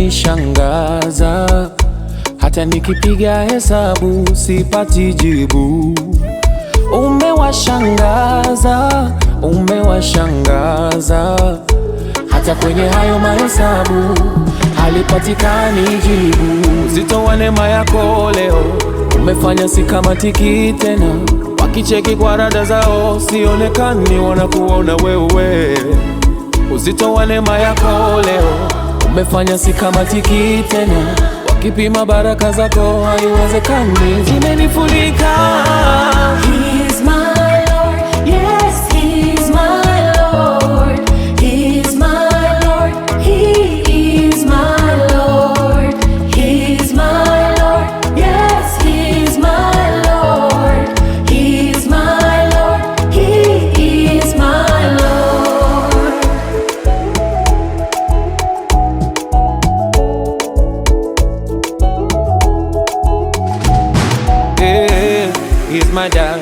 unanishangaza, hata nikipiga hesabu sipati jibu. Umewashangaza, umewashangaza, hata kwenye hayo mahesabu halipatikani jibu. Uzito wa neema yako leo umefanya sikamatiki tena, wakicheki kwa rada zao sionekani, wanakuona wewe. Uzito wa neema yako leo umefanya sikamatiki tena, wakipima baraka zako haiwezekani, zimenifunika is my dad.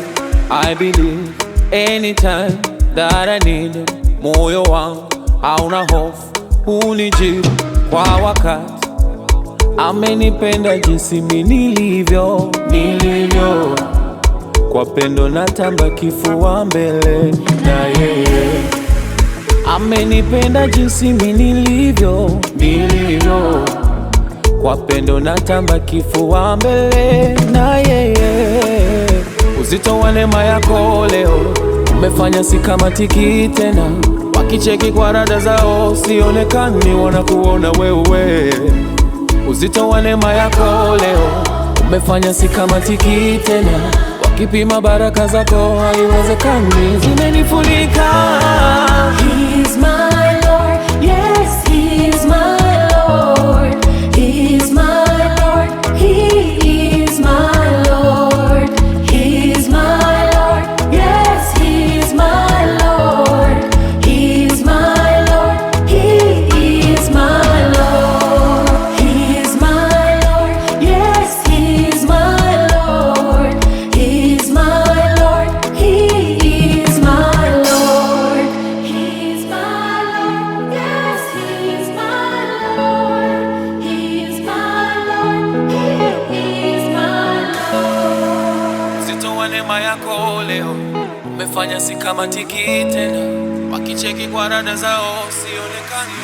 I believe anytime that I need him. Moyo wangu hauna hofu, hunijibu kwa wakati. Amenipenda jinsi mimi nilivyo, nilivyo kwa pendo na tamba kifua mbele na yeye. Amenipenda jinsi mimi nilivyo, nilivyo kwa pendo na tamba kifua mbele na yeye. Uzito wa neema yako leo umefanya sikamatiki tena, wakicheki kwa rada zao sionekani, wanakuona wewe. Uzito wa neema yako leo umefanya sikamatiki tena, wakipima baraka zako haiwezekani, zimenifunika umefanya si kama tiki tena, wakicheki kwa rada zao sionekani.